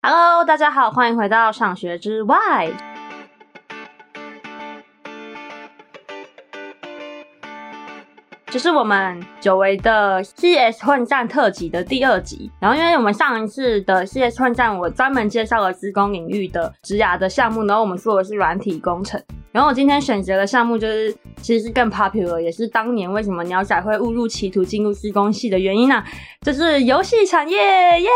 Hello，大家好，歡迎回到上學之 WHY。這是我們久違的 CS 混戰特輯的第二集。然後，因為我們上一次的 CS 混戰，我專門介紹了資工領域的職業的項目，然後我們做的是軟體工程。然後我今天選擇的項目就是，其實是更 popular，也是當年為什麼鳥仔會誤入歧途進入資工系的原因呢、啊？就是遊戲產業耶！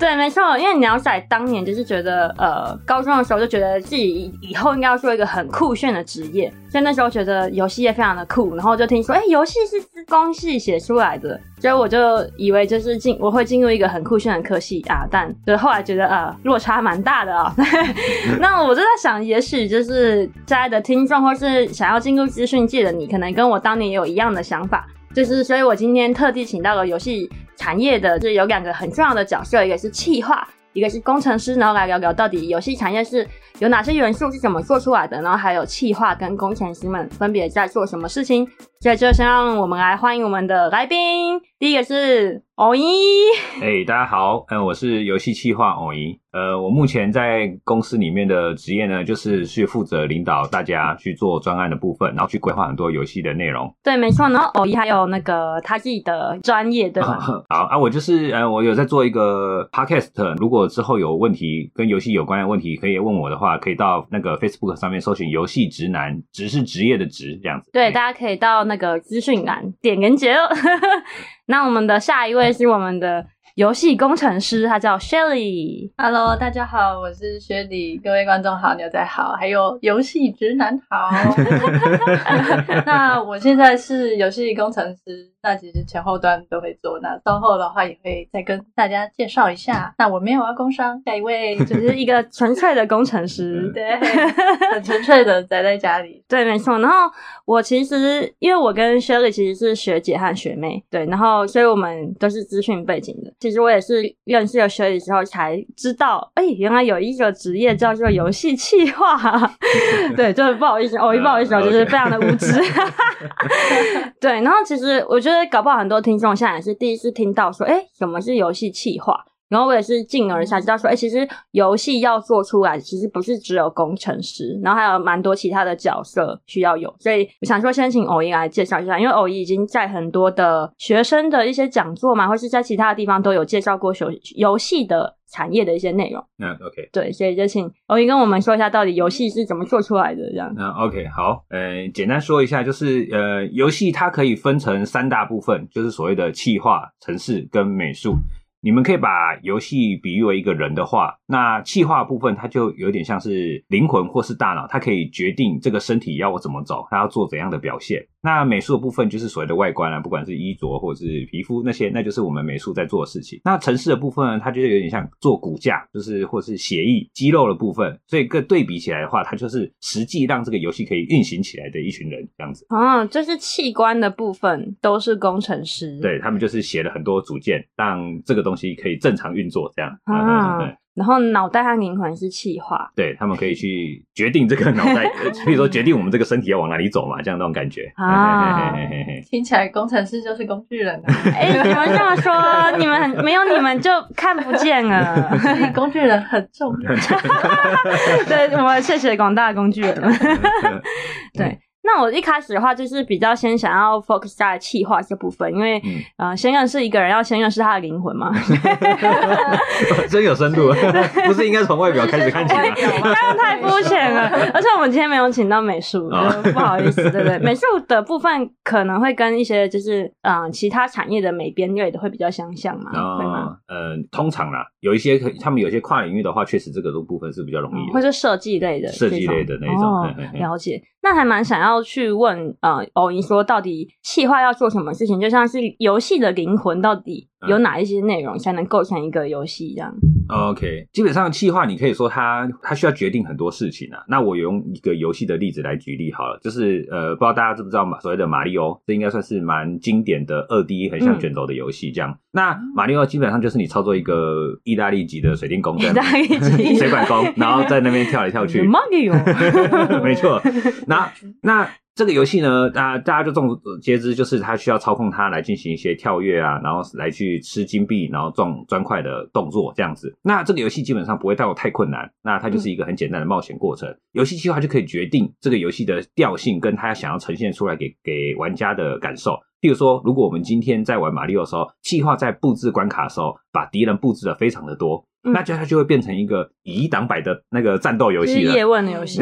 對，沒錯，因為鳥仔當年就是覺得，呃，高中的時候就覺得自己以，以後應該要做一個很酷炫的職業，所以那時候覺得遊戲業非常的酷，然後就聽說，誒、欸，遊戲是資工系寫出來的。所以我就以為就是進我會進入一個很酷炫的科系啊，但就後來覺得啊落差蠻大的啊、哦。 那我就在想，也許就是親愛的聽眾或是想要進入資訊界的你，可能跟我當年也有一樣的想法。就是所以，我今天特地請到了遊戲產業的，就是有兩個很重要的角色，一個是企劃，一個是工程師，然後來聊聊到底遊戲產業是有哪些元素是怎麼做出來的，然後還有企劃跟工程師們分別在做什麼事情。在這，就先讓我們來歡迎我們的來賓。第一個是芋圓，哎、欸，大家好，哎，我是遊戲企劃芋圓。呃，我目前在公司裡面的職業呢，就是去負責領導大家去做專案的部分，然後去規劃很多遊戲的內容。對，沒錯。然後芋圓還有那個他自己的專業對吧，啊好啊，我就是呃，我有在做一個 podcast。如果之後有問題跟遊戲有關的問題，可以問我的話，可以到那個 Facebook 上面搜尋“遊戲職男”，“職”是職業的“職”這樣子對。對，大家可以到。那個資訊欄，點連結，哦，那我們的下一位是我們的遊戲工程師，他叫 Shelly。Hello，大家好，我是 Shelly，各位觀眾好，鳥仔好，還有遊戲職男好。 那我現在是遊戲工程師。那其實前後端都會做，那稍後的話也會再跟大家介紹一下。那我沒有啊，工商，下一位就是一個純粹的工程師， 對，很純粹的宅在家裡。 對，沒錯。然後我其實因為我跟 Shelly 其實是學姐和學妹，對，然後所以我們都是資訊背景的。其實我也是認識了 Shelly 之後才知道，哎、欸，原來有一個職業叫做遊戲企劃。 對，就是不好意思，偶、啊哦、一不好意思、啊，就是非常的無知。Okay. 對，然後其實我覺。就是搞不好很多聽眾現在也是第一次聽到說，哎、欸，什麼是遊戲企劃？然後我也是進而才知道說，誒，其實遊戲要做出來，其實不是只有工程師，然後還有蠻多其他的角色需要有。所以我想說，先請芋圓來介紹一下，因為芋圓已經在很多的學生的一些講座嘛，或是在其他的地方都有介紹過遊遊戲的產業的一些內容。嗯，OK。對，所以就請芋圓跟我們說一下，到底遊戲是怎麼做出來的這樣。嗯，OK，好。呃，簡單說一下，就是呃，遊戲它可以分成三大部分，就是所謂的企劃、程式跟美術。你們可以把遊戲比喻為一個人的話，那企劃部分它就有點像是靈魂或是大腦，它可以決定這個身體要我怎麼走，它要做怎樣的表現。那美術的部分就是所謂的外觀啊，不管是衣着或者是皮膚那些，那就是我們美術在做的事情。那程式的部分呢，它就有點像做骨架，就是或是血液，肌肉的部分。所以各對比起來的話，它就是實際讓這個遊戲可以運行起來的一群人這樣子。哦、啊，就是器官的部分都是工程師，對，他們就是寫了很多組件，讓這個東西可以正常運作這樣。啊。 對然後腦袋和靈魂是企劃，對，他們可以去決定這個腦袋，所 以說決定我們這個身體要往哪裡走嘛，這樣的那種感覺啊、哦，聽起來工程師就是工具人啊，哎、欸，你們這麼說， 你們很沒有你們就看不見了， 工具人很重要， 對，我們謝謝廣大工具人， 對。那我一開始的話，就是比較先想要 focus 在企劃這部分，因為，嗯、呃、先認識一個人，要先認識他的靈魂嘛， 真有深度， 對 不是應該從外表開始看起來嗎？那 樣、欸、太膚淺了。 而且我們今天沒有請到美術的， 不好意思，對不對，對？美術的部分可能會跟一些就是，嗯、呃、其他產業的美編類的會比較相像嘛，哦、對嗯，嗯，通常啦，有一些他們有些跨領域的話，確實這個部分是比較容易、嗯，或是設計類的，設計類的那一種、哦、嘿嘿了解。那還蠻想要。去問，呃，歐尼說，到底企劃要做什麼事情？就像是遊戲的靈魂，到底有哪一些內容才能構成一個遊戲？這樣。OK，基本上企劃，你可以說它它需要決定很多事情啊。那我用一個遊戲的例子來舉例好了，就是呃，不知道大家知不是知道嘛，所謂的馬里歐，這應該算是蠻經典的二 D 橫向卷軸的遊戲。這樣，嗯、那馬里歐基本上就是你操作一個意大利籍的水電工，對，意大利籍 水管工， 然後在那邊跳來跳去。 沒錯。那那。這個遊戲呢，啊、呃，大家就眾所周知，呃、就是它需要操控它來進行一些跳躍啊，然後來去吃金幣，然後撞磚塊的動作這樣子。那這個遊戲基本上不會帶有太困難，那它就是一個很簡單的冒險過程，嗯。遊戲企劃就可以決定這個遊戲的調性跟它想要呈現出來給給玩家的感受。比如說，如果我們今天在玩馬里奧的時候，企劃在佈置關卡的時候，把敵人佈置的非常的多。那就它就會變成一個以一擋百的那個戰鬥遊戲了，葉問的遊戲，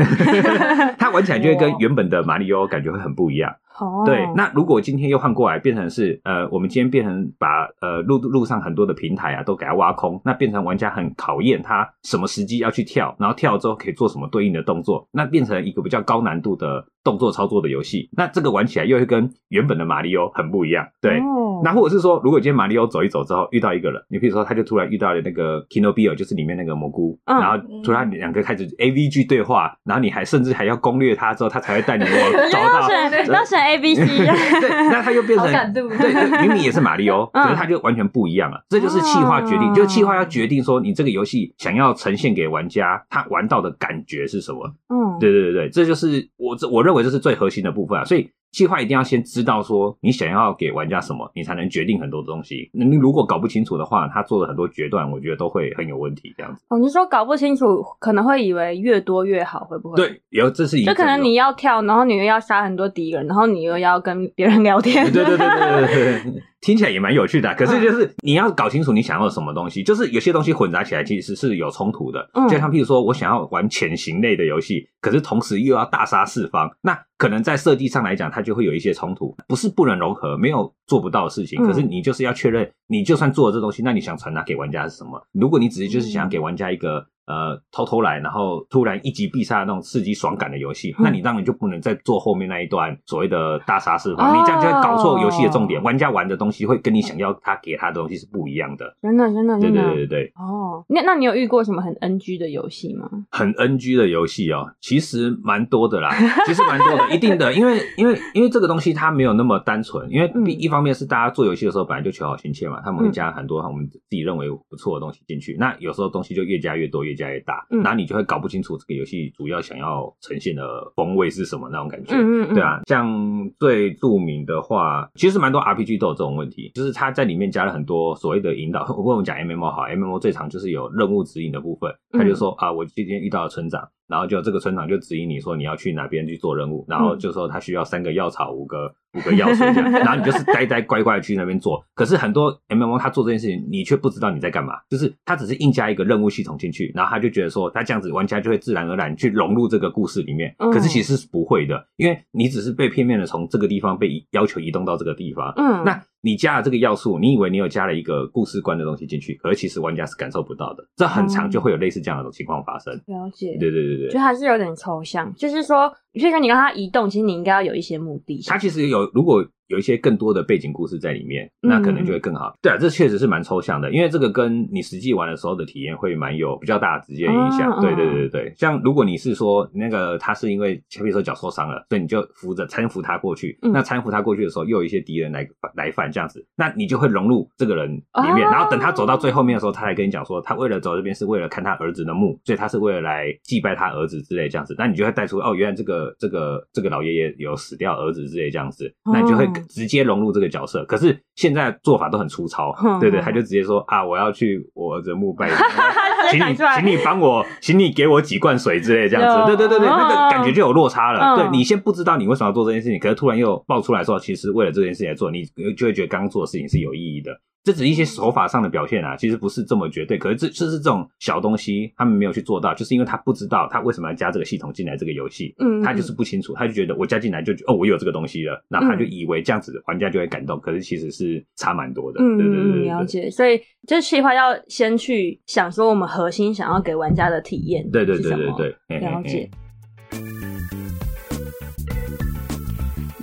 它玩起來就會跟原本的馬里奧感覺會很不一樣。Oh. 對，那如果今天又換過來變成是，呃，我們今天變成把呃路路上很多的平台啊都給它挖空，那變成玩家很考驗他什麼時機要去跳，然後跳之後可以做什麼對應的動作，那變成一個比較高難度的動作操作的遊戲。那這個玩起來又會跟原本的馬里奧很不一樣。對，oh. 那或者是說，如果今天馬里奧走一走之後遇到一個人，你比如說他就突然遇到了那個 Kinobio，就是裡面那個蘑菇，oh. 然後突然兩個開始 A V G 對話，然後你還甚至還要攻略他之後，他才會帶你找到。 那 A B C 啊， 對，那他又變成，對 對，明明也是馬力歐，可是他就完全不一樣了。嗯、這就是企劃決定，就是、企劃要決定說，你這個遊戲想要呈現給玩家，他玩到的感覺是什麼？嗯，對對對對，這就是我我認為這是最核心的部分啊，所以。企劃一定要先知道，說你想要給玩家什麼，你才能決定很多東西。那你如果搞不清楚的話，他做了很多決斷，我覺得都會很有問題。這樣子，哦，你說搞不清楚，可能會以為越多越好，會不會？對，有，這是一。就可能你要跳，然後你又要殺很多敵人，然後你又要跟別人聊天。對對對對對。對對對對 聽起來也蠻有趣的啊，可是就是你要搞清楚你想要什麼東西。嗯。就是有些東西混雜起來其實是有衝突的，就像譬如說我想要玩潛行類的遊戲，可是同時又要大殺四方，那可能在設計上來講，它就會有一些衝突。不是不能融合，沒有做不到的事情，可是你就是要確認，你就算做了這東西，那你想傳達給玩家是什麼？如果你只是就是想要給玩家一個。呃，偷偷來，然後突然一擊必殺那種刺激爽感的遊戲、嗯，那你當然就不能再做後面那一段所謂的大殺四方。你這樣就搞錯遊戲的重點、哦，玩家玩的東西會跟你想要他給他的東西是不一樣的。真、嗯、的，真、嗯、的，對、嗯、對對對對。哦，那那你有遇過什麼很 NG 的遊戲嗎？很 NG 的遊戲哦，其實蠻多的啦， 其實蠻多的，一定的，因為因為因為這個東西它沒有那麼單純，因為一方面是大家做遊戲的時候本來就求好心切嘛，嗯、他們會加很多我們自己認為不錯的東西進去、嗯，那有時候東西就越加越多越。加越大，那你就會搞不清楚這個遊戲主要想要呈現的風味是什麼那種感覺，嗯嗯、對啊，像最著名的話，其實蠻多 RPG 都有這種問題，就是他在裡面加了很多所謂的引導，呵呵我們講 MMO 好，MMO 最常就是有任務指引的部分，他就說、嗯、啊，我今天遇到了村長。然後就這個村長就指引你說你要去哪邊去做任務，嗯、然後就說他需要三個藥草，五個五個藥水，這樣， 然後你就是呆呆乖乖的去那邊做。可是很多 M M O 他做這件事情，你卻不知道你在幹嘛，就是他只是硬加一個任務系統進去，然後他就覺得說他這樣子玩家就會自然而然去融入這個故事裡面，可是其實是不會的，嗯、因為你只是被片面的從這個地方被要求移動到這個地方，嗯，那。你加了這個要素，你以為你有加了一個故事觀的東西進去，可是其實玩家是感受不到的。這很常就會有類似這樣一種情況發生。嗯、了解，對，對對對對，就還是有點抽象、嗯，就是說。所以，像你讓他移動，其實你應該要有一些目的。他其實有，如果有一些更多的背景故事在裡面、嗯，那可能就會更好。對啊，這確實是蠻抽象的，因為這個跟你實際玩的時候的體驗會蠻有比較大的直接影響。哦、對，對對對對，像如果你是說那個他是因為，比如說腳受傷了，所以你就扶着攙扶他過去。嗯、那攙扶他過去的時候，又有一些敵人來來犯這樣子，那你就會融入這個人裡面、哦。然後等他走到最後面的時候，他才跟你講說，他為了走這邊是為了看他兒子的墓，所以他是為了來祭拜他兒子之類這樣子。那你就會帶出哦，原來這個。這個這個老爺爺有死掉兒子之類這樣子，那你就會直接融入這個角色。哦、可是現在做法都很粗糙、嗯，對對，他就直接說啊，我要去我兒子墓碑， 請你， 請你幫我， 請你給我幾罐水之類這樣子。對、哦、對對對，那個感覺就有落差了。哦、對你先不知道你為什麼要做這件事情，嗯、可是突然又爆出來說，其實為了這件事情來做，你就會覺得剛剛做的事情是有意義的。這只是一些手法上的表現啊，其實不是這麼絕對。可是這這、就是這種小東西，他們沒有去做到，就是因為他不知道他為什麼要加這個系統進來這個遊戲，嗯嗯，他就是不清楚，他就覺得我加進來就哦，我有這個東西了，那他就以為這樣子玩家就會感動。可是其實是差蠻多的。嗯嗯嗯，了解。所以就是企劃要先去想說，我們核心想要給玩家的體驗，對對對對對，嘿嘿嘿了解。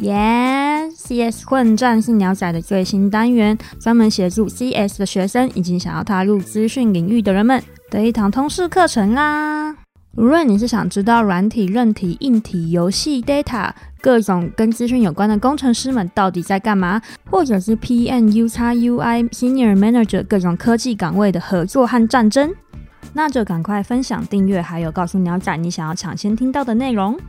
耶、yeah.。CS 混戰是鳥仔的最新單元，專門協助 CS 的學生以及想要踏入資訊領域的人們的一堂通識課程啦。無論你是想知道軟體、韌體、硬體、遊戲、data，各種跟資訊有關的工程師們到底在幹嘛，或者是 PM、UX、UI、Senior Manager 各種科技崗位的合作和戰爭，那就趕快分享、訂閱，還有告訴鳥仔你想要搶先聽到的內容。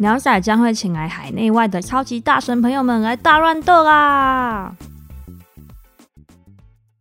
鳥仔將會請來海內外的超級大神朋友們來大亂鬥啦！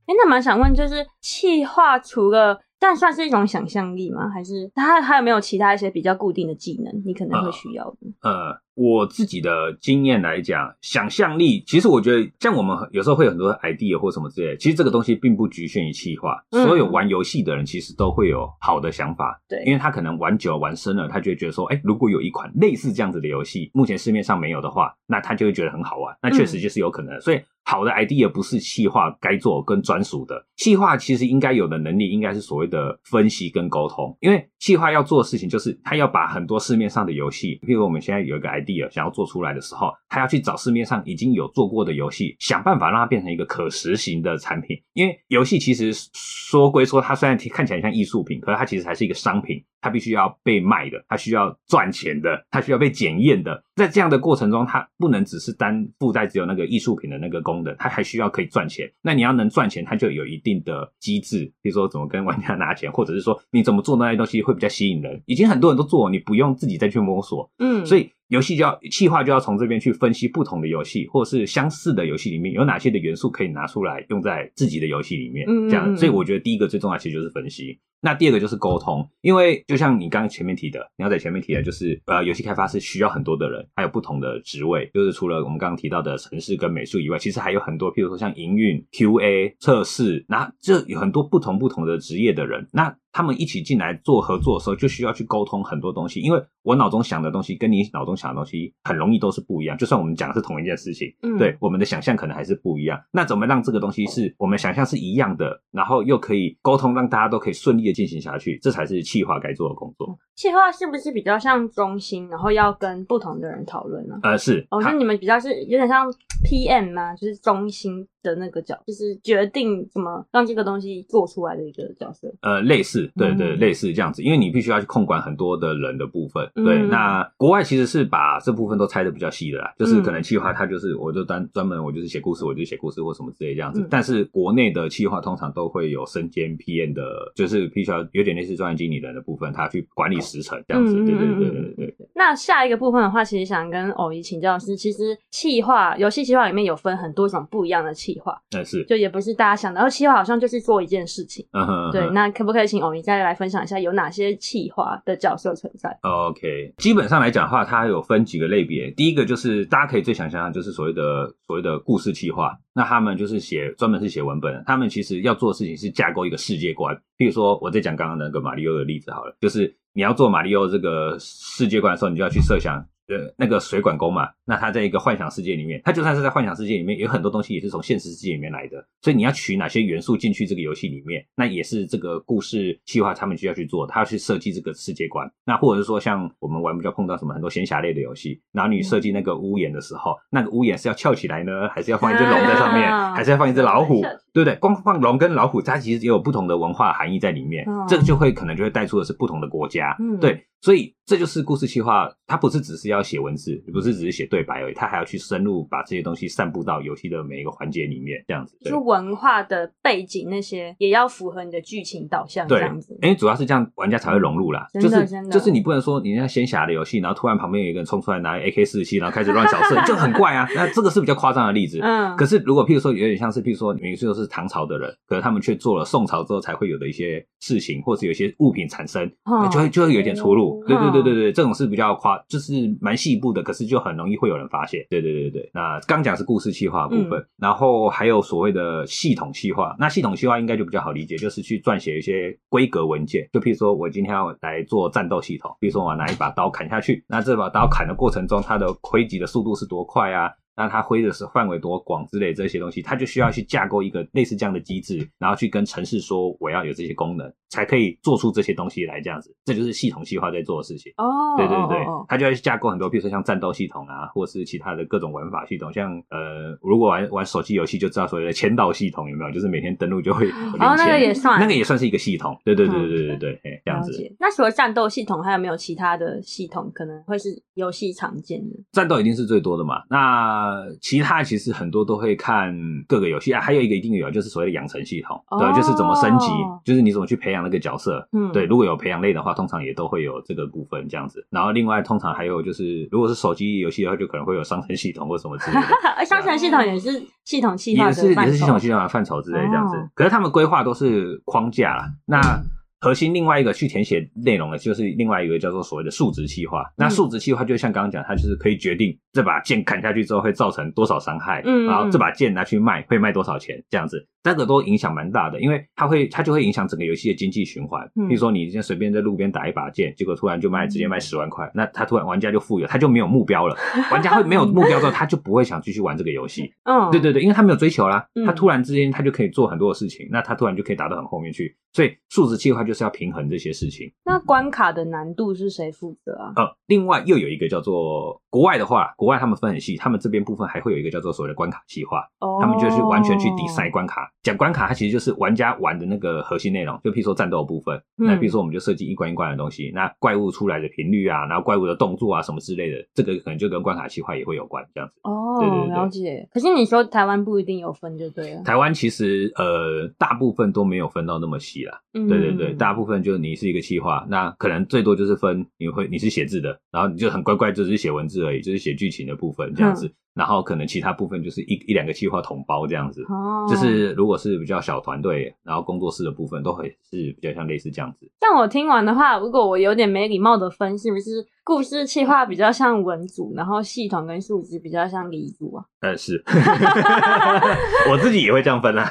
哎、欸，那蠻想問，就是企劃除了但算是一種想象力嗎？還是它還有沒有其他一些比較固定的技能？你可能會需要的。Uh, uh... 我自己的經驗來講，想象力其實我覺得，像我們有時候會有很多 idea 或什麼之類的，其實這個東西並不局限於企劃。所有玩遊戲的人其實都會有好的想法，對，因為他可能玩久了玩深了，他就會覺得說，哎、欸，如果有一款類似這樣子的遊戲，目前市面上沒有的話，那他就會覺得很好玩，那確實就是有可能，嗯、所以。好的 idea 不是企劃該做跟專屬的，企劃其實應該有的能力應該是所謂的分析跟溝通，因為企劃要做的事情就是他要把很多市面上的遊戲，譬如我們現在有一個 idea 想要做出來的時候，他要去找市面上已經有做過的遊戲，想辦法讓它變成一個可實行的產品。因為遊戲其實說歸說，它雖然看起來像藝術品，可是它其實還是一個商品。它必須要被賣的，它需要賺錢的，它需要被檢驗的。在這樣的過程中，它不能只是單附在只有那個藝術品的那個功能，它還需要可以賺錢。那你要能賺錢，它就有一定的機制，比如說怎麼跟玩家拿錢，或者是說你怎麼做那些東西會比較吸引人。已經很多人都做了，你不用自己再去摸索。嗯，所以遊戲就要計劃，企劃就要從這邊去分析不同的遊戲，或者是相似的遊戲裡面有哪些的元素可以拿出來用在自己的遊戲裡面。這樣，嗯嗯，所以我覺得第一個最重要的其實就是分析。那第二個就是溝通，因為就像你剛剛前面提的，你要在前面提的，就是呃，遊戲開發是需要很多的人，還有不同的職位，就是除了我們剛剛提到的程式跟美術以外，其實還有很多，譬如說像營運、QA、測試，那這有很多不同不同的職業的人，那。他們一起進來做合作的時候，就需要去溝通很多東西，因為我腦中想的東西跟你腦中想的東西很容易都是不一樣。就算我們講的是同一件事情，嗯，對，我們的想象可能還是不一樣。那怎麼讓這個東西是我們想象是一樣的，然後又可以溝通，讓大家都可以順利的進行下去，這才是企劃該做的工作。嗯，企劃是不是比較像中心，然後要跟不同的人討論呢、啊？呃，是，哦，是你們比較是有點像 PM 嗎、啊？就是中心的那個角，就是決定怎麼讓這個東西做出來的一個角色。呃，類似。對對，對，類似這樣子，因為你必須要去控管很多的人的部分。對，那國外其實是把這部分都拆的比較細的啦，就是可能企劃他就是我就單專門我就是寫故事，我就寫故事或什麼之類這樣子。但是國內的企劃通常都會有身兼 PM 的，就是必須要有點類似專業經理人的部分，他去管理時程這樣子。對對對對對，對。對那下一個部分的話，其實想跟芋圓請教是，其實企劃遊戲企劃裡面有分很多種不一樣的企劃，但、嗯、是，就也不是大家想的，而、哦、企劃好像就是做一件事情，嗯哼,嗯哼，對。那可不可以請芋圓再來分享一下有哪些企劃的角色存在？OK，基本上來講的話，它有分幾個類別，第一個就是大家可以最想象的就是所謂的所謂的故事企劃，那他們就是寫專門是寫文本，他們其實要做的事情是架構一個世界觀。比如說我在講剛剛那個馬里奧的例子好了，就是。你要做馬里奧這個世界觀的時候，你就要去設想，呃，那個水管工嘛，那他在一個幻想世界裡面，他就算是在幻想世界裡面，有很多東西也是從現實世界裡面來的。所以你要取哪些元素進去這個遊戲裡面，那也是這個故事企劃他們需要去做，他要去設計這個世界觀。那或者是說，像我們玩比較碰到什麼很多仙俠類的遊戲，然後你設計那個屋檐的時候，那個屋檐是要翹起來呢，還是要放一隻龍在上面，還是要放一隻老虎？啊對不對？光放龍跟老虎，它其實也有不同的文化的含義在裡面。哦、這個就會可能就會帶出的是不同的國家。嗯、對，所以這就是故事企劃，它不是只是要寫文字，也不是只是寫對白而已，它還要去深入把這些東西散布到遊戲的每一個環節裡面，這樣子。就是、文化的背景那些也要符合你的劇情導向，對，這樣子。因為主要是這樣，玩家才會融入啦。真的，真的。就是你不能說你像仙俠的遊戲，然後突然旁邊有一個人衝出來拿 AK 四十七，然後開始亂掃射， 就很怪啊。那這個是比較誇張的例子。嗯。可是如果譬如說有點像是，譬如說每是唐朝的人，可是他們卻做了宋朝之後才會有的一些事情，或是有些物品產生，哦、就會就會有一點出入。哦。對對對對對、哦，這種是比較誇，就是蠻細部的，可是就很容易會有人發現。對對對對，那剛講是故事細化企劃部分，嗯，然後還有所謂的系統企劃。那系統企劃應該就比較好理解，就是去撰寫一些規格文件。就譬如說我今天要來做戰鬥系統，比如說我要拿一把刀砍下去，那這把刀砍的過程中，它的揮擊的速度是多快啊？那它揮的是範圍多廣之類這些東西，它就需要去架構一個類似這樣的機制，然後去跟城市說我要有這些功能，才可以做出這些東西來。這樣子，這就是系統企劃在做的事情。哦，對對對，它、哦哦、就要去架構很多，比如說像戰鬥系統啊，或是其他的各種玩法系統。像呃，如果玩玩手機遊戲就知道，所謂的簽到系統有沒有？就是每天登錄就會哦，那個也算，那個也算是一個系統。對對對對對對，對，哎、嗯，這樣子。那除了戰鬥系統，還有沒有其他的系統可能會是遊戲常見的？戰鬥一定是最多的嘛？那呃，其他其實很多都會看各個遊戲啊，還有一個一定有，就是所謂的養成系統，對，Oh. 就是怎麼升級，就是你怎麼去培養那個角色，嗯，對，如果有培養類的話，通常也都會有這個部分這樣子。然後另外通常還有就是，如果是手機遊戲的話，就可能會有商城系統或什麼之類的，商 城系統也是系統，系統也是，也是系統系統的範疇之類這樣子。Oh. 可是他們規劃都是框架啦，那，嗯核心另外一個去填寫內容的，就是另外一個叫做所謂的數值企劃、嗯。那數值企劃就像剛剛講，它就是可以決定這把劍砍下去之後會造成多少傷害，嗯嗯嗯，然後這把劍拿去賣會賣多少錢這樣子。這、那個都影響蠻大的，因為它會，它就會影響整個遊戲的經濟循環。比、嗯、如說，你今天隨便在路邊打一把劍，結果突然就賣，直接賣十萬塊，那他突然玩家就富有，他就沒有目標了。玩家會沒有目標之後， 他就不會想繼續玩這個遊戲。嗯，對對對，因為他沒有追求啦。他突然之間，他就可以做很多的事情、嗯，那他突然就可以打到很後面去。所以，數值企劃就是要平衡這些事情。那關卡的難度是誰負責啊？呃、嗯，另外又有一個叫做。國外的話，國外他們分很細，他們這邊部分還會有一個叫做所謂的關卡企劃、oh. 他們就是完全去 design 關卡。講關卡，它其實就是玩家玩的那個核心內容。就譬如說戰鬥部分、嗯，那譬如說我們就設計一關一關的東西，那怪物出來的頻率啊，然後怪物的動作啊什麼之類的，這個可能就跟關卡企劃也會有關，這樣子。哦，了解。可是你說台灣不一定有分就對了。台灣其實呃大部分都沒有分到那麼細啦、嗯，對對對，大部分就是你是一個企劃，那可能最多就是分你會你是寫字的，然後你就很乖乖就是寫文字，對，就是寫劇情的部分這樣子，嗯，然後可能其他部分就是一一兩個企劃統包這樣子，哦，就是如果是比較小團隊，然後工作室的部分都會是比較像類似這樣子。但我聽完的話，如果我有點沒禮貌的分，是不是故事企劃比較像文組，然後系統跟數字比較像理組啊？但、呃、是， 我自己也會這樣分啊。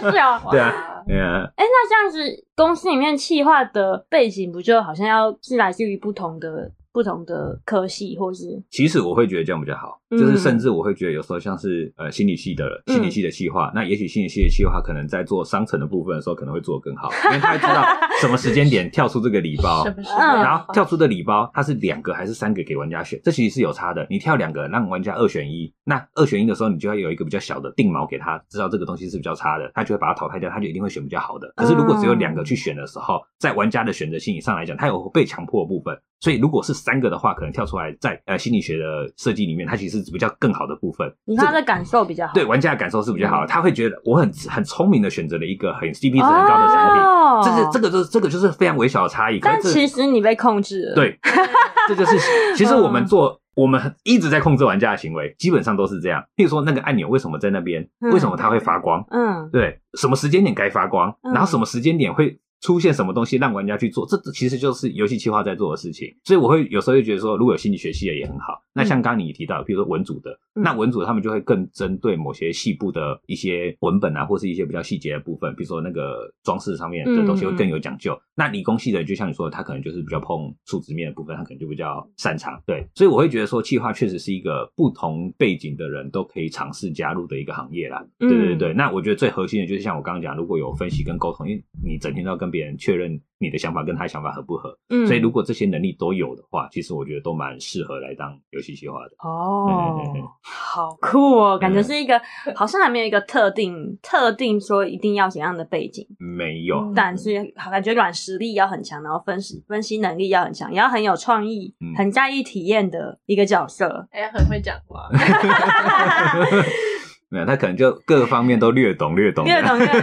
是 啊，對啊，哎、欸，那這樣子公司裡面企劃的背景，不就好像要是來自於不同的？不同的科系，或是，其實我會覺得這樣比較好。就是甚至我會覺得有時候像是呃心理系，的心理系的企劃、嗯，那也許心理系的企劃可能在做商城的部分的時候，可能會做得更好，因為他會知道什麼時間點跳出這個禮包， 然後跳出的禮包它是兩個還是三個給玩家選，這其實是有差的。你跳兩個讓玩家二選一，那二選一的時候你就要有一個比較小的定錨給他，知道這個東西是比較差的，他就會把它淘汰掉，他就一定會選比較好的。可是如果只有兩個去選的時候，在玩家的選擇心理上來講，他有被強迫的部分。所以如果是三個的話，可能跳出來在呃心理學的設計裡面，它其實。比較更好的部分、這個，他的感受比較好，對玩家的感受是比較好的，嗯、他會覺得我很很聰明的選擇了一個很 CP 值很高的產品、哦，這是這個就是這個就是非常微小的差異。但其實你被控制了，對，這就是其實我們做 我們一直在控制玩家的行為，基本上都是這樣。比如說那個按鈕為什麼在那邊、嗯，為什麼它會發光？嗯，對，什麼時間點該發光，然後什麼時間點會出現什麼東西，讓玩家去做，這個、其實就是遊戲企劃在做的事情。所以，我會有時候就覺得說，如果有心理學系的也很好。那像剛剛你提到，比如說文組的，那文組他們就會更針對某些細部的一些文本啊，或是一些比較細節的部分，比如說那個裝飾上面的東西會更有講究。嗯嗯。那理工系的，就像你說的，他可能就是比較碰數值面的部分，他可能就比較擅長。對，所以我會覺得說，企劃確實是一個不同背景的人都可以嘗試加入的一個行業啦。對對對，嗯，那我覺得最核心的就是像我剛剛講，如果有分析跟溝通，因為你整天都要跟別人確認。你的想法跟他的想法合不合？嗯，所以如果這些能力都有的話，其實我覺得都蠻適合來當遊戲企劃的。哦， 好酷哦！感覺是一個、嗯、好像還沒有一個特定特定說一定要怎樣的背景，沒、嗯、有，但是感覺軟實力要很強，然後分析分析能力要很強，也要很有創意、嗯，很在意體驗的一個角色。哎，很會講話。 沒有，他可能就各個方面都略懂略懂、啊、略懂略懂，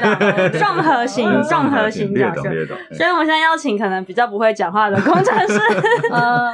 綜合型綜合型的略懂略懂。略懂嗯、略懂略懂 所以，我現在邀請可能比較不會講話的工程師。 uh,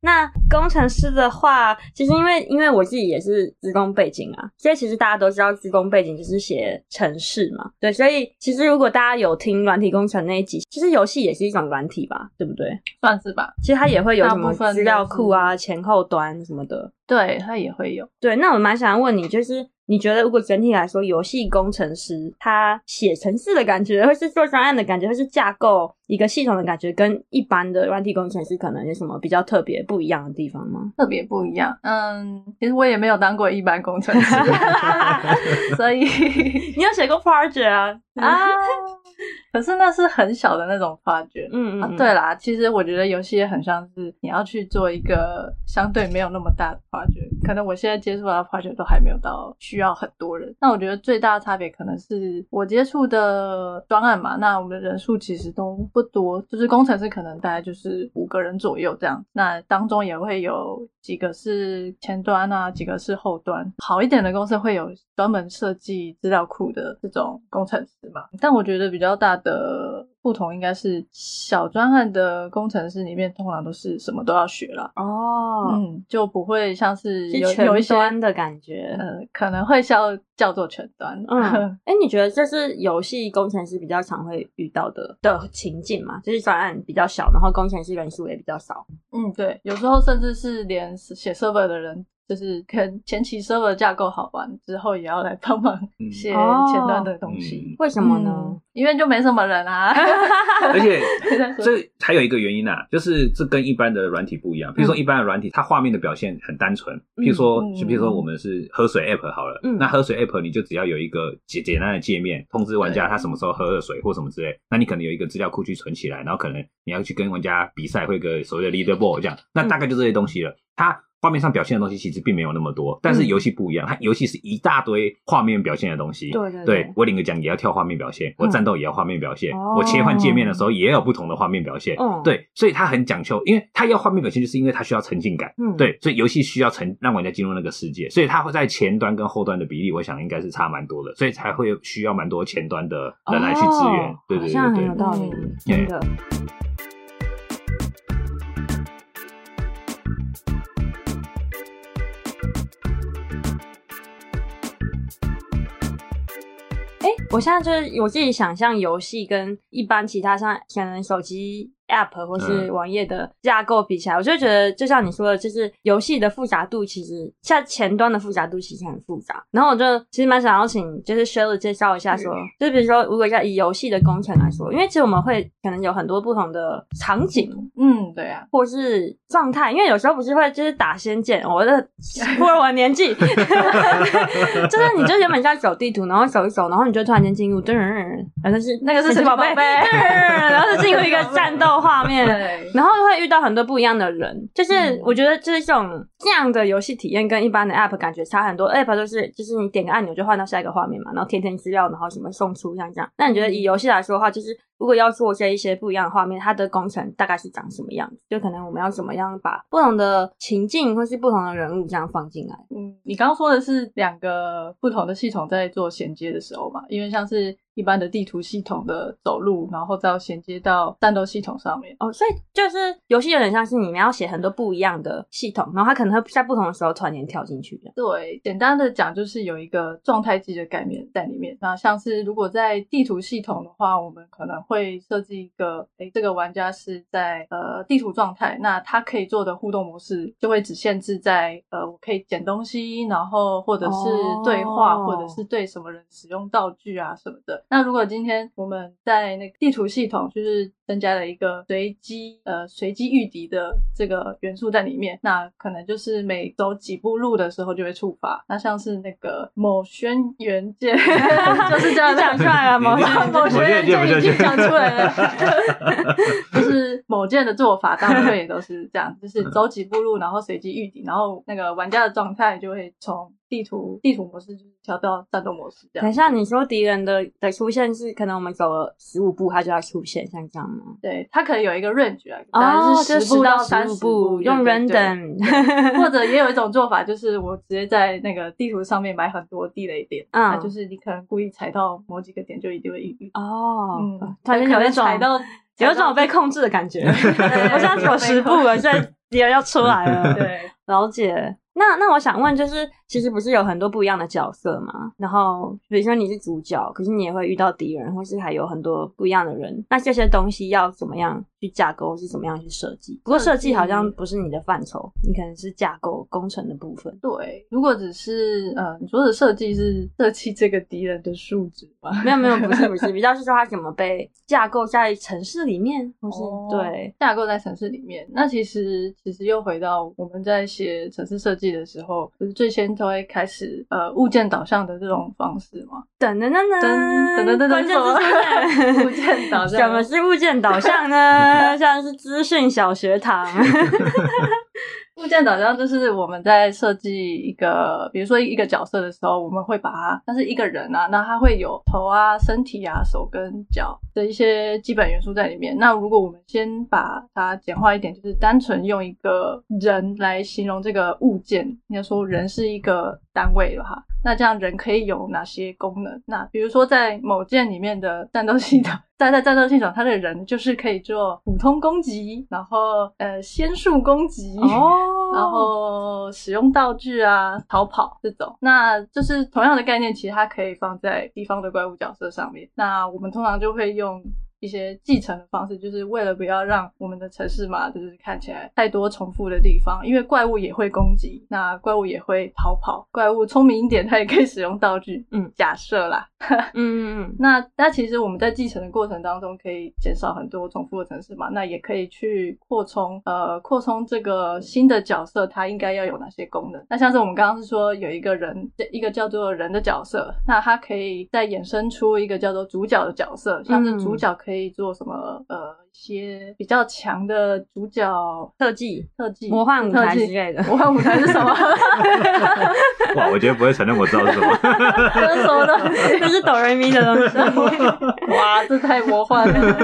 那工程師的話，其實因為因為我自己也是資工背景啊，所以其實大家都知道，資工背景就是寫程式嘛。對，所以其實如果大家有聽軟體工程那一集，其實遊戲也是一種軟體吧，對不對？算是吧。其實它也會有什麼資料庫啊、嗯就是、前後端什麼的，對，它也會有。對，那我蠻想要問你，就是。你覺得，如果整體來說，遊戲工程師他寫程式的感覺，或是做專案的感覺，或是架構一個系統的感覺，跟一般的軟體工程師可能有什麼比較特別不一樣的地方嗎？特別不一樣。嗯，其實我也沒有當過一般工程師， 所以 你有寫過 project 啊 啊，可是那是很小的那種 project 嗯嗯、啊、對啦，其實我覺得遊戲也很像是你要去做一個相對沒有那麼大的 project 可能我現在接觸到的 project 都還沒有到需要很多人。那我覺得最大的差別可能是我接觸的專案嘛，那我們的人數其實都不多，就是工程師可能大概就是五個人左右這樣。那當中也會有幾個是前端啊，幾個是後端。好一點的公司會有專門設計資料庫的這種工程師嘛，但我覺得比較大的。不同應該是小專案的工程師裡面，通常都是什麼都要學了哦，嗯，就不會像是有一些的感覺，嗯、可能會叫叫做全端，嗯，哎、嗯欸，你覺得這是遊戲工程師比較常會遇到的的情境嗎？就是專案比較小，然後工程師人數也比較少，嗯，對，有時候甚至是連寫 server 的人，就是前期 server 架構好吧，之後也要來幫忙寫前端的東西。嗯哦嗯、為什麼呢、嗯？因為就沒什麼人啊。 而且這還有一個原因吶、啊，就是這跟一般的軟體不一樣。比如說一般的軟體，它畫面的表現很單純。比、嗯、如說，就、嗯、比如說我們是喝水 app 好了、嗯，那喝水 app 你就只要有一個簡簡單的界面，通知玩家他什麼時候喝了水或什麼之類。那你可能有一個資料庫去存起來，然後可能你要去跟玩家比賽，或個所謂的 leaderboard 這樣，那大概就這些東西了。它畫面上表現的東西其實並沒有那麼多，但是遊戲不一樣，嗯、它遊戲是一大堆畫面表現的東西。對對，對，對我領個獎也要跳畫面表現，嗯、我戰鬥也要畫面表現，哦、我切換界面的時候也有不同的畫面表現、哦。對，所以它很講究，因為它要畫面表現，就是因為它需要沉浸感。嗯，對，所以遊戲需要沉，讓玩家進入那個世界，所以它會在前端跟後端的比例，我想應該是差蠻多的，所以才會需要蠻多前端的人來去支援。哦、對，對對對對，有道理。對。真的。我現在就是我自己想象遊戲跟一般其他像智能手機。app 或是網頁的架構比起來，嗯，我就覺得就像你說的，就是遊戲的複雜度其實像前端的複雜度其實很複雜。然後我就其實蠻想要請，就是 Shelly 介紹一下說，說、嗯、就比如說，如果要以遊戲的工程來說，因為其實我們會可能有很多不同的場景，嗯，對啊，或是狀態，因為有時候不是會就是打仙劍，我，我的過了我年紀， 就是你就原本在走地圖，然後走一走，然後你就突然間進入，嗯， 反正是那個是什麼寶貝， 然後是進入一個戰鬥。畫 面，然後會遇到很多不一樣的人，就是我覺得就是這種這樣的遊戲體驗跟一般的 App 感覺差很多。App 都是就是你點個按鈕就換到下一個畫面嘛，然後填填資料，然後什麼送出，像這樣。那你覺得以遊戲來說的話，就是如果要做這一些不一樣的畫面，它的工程大概是長什麼樣子？就可能我們要怎麼樣把不同的情境或是不同的人物這樣放進來？嗯，你剛剛說的是兩個不同的系統在做銜接的時候嘛，因為像是。一般的地圖系統的走路，然後再要銜接到戰鬥系統上面。哦，所以就是遊戲有點像是你們要寫很多不一樣的系統，然後它可能會在不同的時候突然間跳進去。對，簡單的講就是有一個狀態機的概念在裡面。那像是如果在地圖系統的話，我們可能會設置一個，哎，這個玩家是在呃地圖狀態，那他可以做的互動模式就會只限制在呃我可以撿東西，然後或者是對話、哦，或者是對什麼人使用道具啊什麼的。那如果今天我們在那個地圖系統，就是增加了一個隨機呃隨機遇敵的這個元素在裡面，那可能就是每走幾步路的時候就會觸發。那像是那個某軒轅劍， 就是這樣 講出來的、啊。某軒某軒轅劍已經講出來了， 就是某劍的做法，當然也都是這樣，就是走幾步路，然後隨機遇敵，然後那個玩家的狀態就會從地圖地圖模式就調到戰鬥模式這樣。等一下你說敵人的的出現是可能我們走了十五步，他就要出現，像這樣對，它可能有一個 range 啊，大概是十步到三十步，、哦、步，用 random， 或者也有一種做法，就是我直接在那個地圖上面埋很多地雷點，啊、嗯、就是你可能故意踩到某幾個點就一定會暈哦，嗯，反正有一踩到，踩到踩到有一種被控制的感覺， 對對對，我現在走十步了，現 在也要出來了，對， 了解。那那我想問，就是其實不是有很多不一樣的角色嘛？然後比如說你是主角，可是你也會遇到敵人，或是還有很多不一樣的人。那這些東西要怎麼樣去架構，是怎麼樣去設計？不過設計好像不是你的範疇，你可能是架構工程的部分。對，如果只是呃，你說的設計是設計這個敵人的數值吧。沒有沒有，不是不是， 比較是說他怎麼被架構在城市裡面，不是、oh, 對架構在城市裡面。那其實其實又回到我們在寫城市設計的時候，不是最先都會開始呃，物件導向的這種方式嗎等噔等噔噔噔噔，什麼？物件導向？ 什麼是物件導向呢？像是資訊小學堂。 物件導向就是我們在設計一個，比如說一個角色的時候，我們會把它，但是一個人啊，那他會有頭啊、身體啊、手跟腳的一些基本元素在裡面。那如果我們先把它簡化一點，就是單純用一個人來形容這個物件，應該說人是一個單位了哈。那這樣人可以有哪些功能？那比如說在某件裡面的戰鬥系統在在戰鬥系統它的人就是可以做普通攻擊，然後呃仙術攻擊，oh. 然後使用道具啊，逃跑這種。那就是同樣的概念，其實它可以放在敵方的怪物角色上面。那我們通常就會用。一些繼承的方式，就是為了不要讓我們的程式，嘛，就是看起來太多重複的地方。因為怪物也會攻擊，那怪物也會逃跑，跑，怪物聰明一點，它也可以使用道具。嗯，假設啦。 嗯嗯嗯。那那其實我們在繼承的過程當中，可以減少很多重複的程式嘛。那也可以去擴充，呃，擴充這個新的角色，它應該要有哪些功能？那像是我們剛剛是說有一個人，一個叫做人的角色，那它可以再衍生出一個叫做主角的角色，嗯嗯，像是主角可。可以做什麼？呃，一些比較強的主角特技、特技、魔幻舞台之類的。魔幻舞台是什麼？ 哇，我覺得不會承認我知道是什麼。這是什麼東西？ 這是哆來米的東西。 哇，這太魔幻了。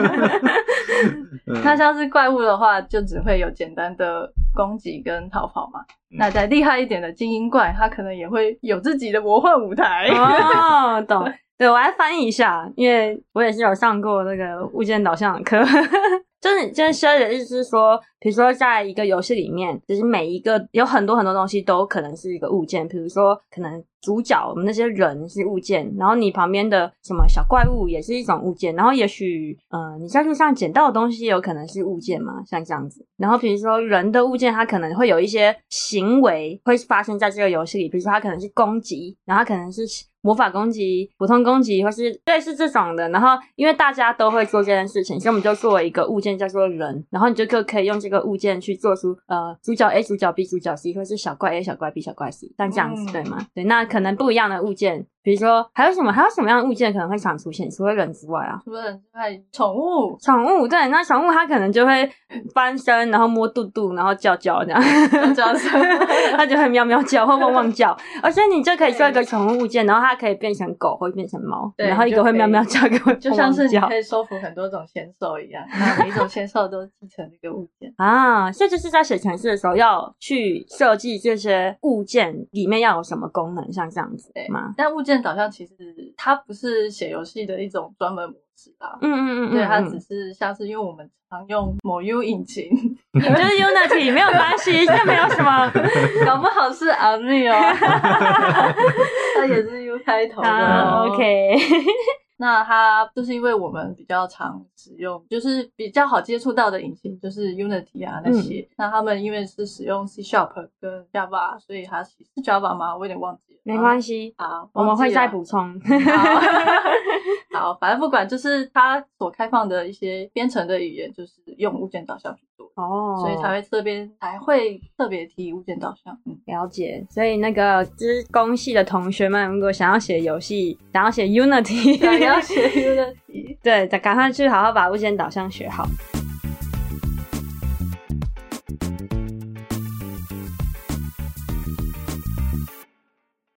那 像是怪物的話，就只會有簡單的攻擊跟逃跑嘛。那、嗯、再厲害一點的精英怪，它可能也會有自己的魔幻舞台。哦，懂。對，我來翻譯一下，因為我也是有上過那個物件導向的課、 就是，就是 Shelly 的意思是說，比如說在一個遊戲裡面，其實每一個有很多很多東西都可能是一個物件，比如說可能主角我們那些人是物件，然後你旁邊的什麼小怪物也是一種物件，然後也許呃你在路上撿到的東西有可能是物件嘛，像這樣子，然後比如說人的物件，它可能會有一些行為會發生在這個遊戲裡，比如說它可能是攻擊，然後可能是。魔法攻擊、普通攻擊，或是對，是這種的。然後，因為大家都會做這件事情，所以我們就做一個物件叫做“人”。然後你就可以用這個物件去做出呃主角 A、主角 B、主角 C，或是小怪 A、小怪 B、小怪 C，但這樣子、嗯，對嗎？對，那可能不一樣的物件。比如說還有什麼，還有什麼樣的物件可能會常出現？除了人之外啊，除了人之外，寵物，寵物對，那寵物它可能就會翻身，然後摸肚肚，然後叫叫這樣，叫聲， 它就會喵喵叫，會汪汪叫， 而且你就可以做一個寵物物件，然後它可以變成狗或會變成貓，對，然後一個會喵喵叫，一個會喵喵就汪汪汪就像是，你可以收服很多種仙獸一樣，每種仙獸都繼承一個物件啊，所以就是在寫程式的時候要去設計這些物件裡面要有什麼功能，像這樣子嗎？對，但物件。但導向其實它不是寫遊戲的一種專門模式啦、啊，嗯嗯嗯，嗯，對，它只是像是因為我們常用某 U 引擎，你 就是 Unity， 沒有關係，圾，這沒有什麼，搞不好是阿米哦、啊，它 也是 U 開頭的、哦、，OK。 那它就是因為我們比較常使用，就是比較好接觸到的引擎，就是 Unity 啊那些，嗯。那他們因為是使用 C Sharp 跟 Java，所以它其實是 Java 嗎？我有點忘記了。嗯，沒關係，好，我們會再補充 好。好，反正不管，就是它所開放的一些編程的語言，就是用物件導向去做。哦、oh，所以才會這邊才會特別提物件導向、嗯，了解。所以那個資工系的同學們，如果想要寫遊戲，想要寫 Unity，要寫 Unity，對，趕 快去好好把物件導向學好。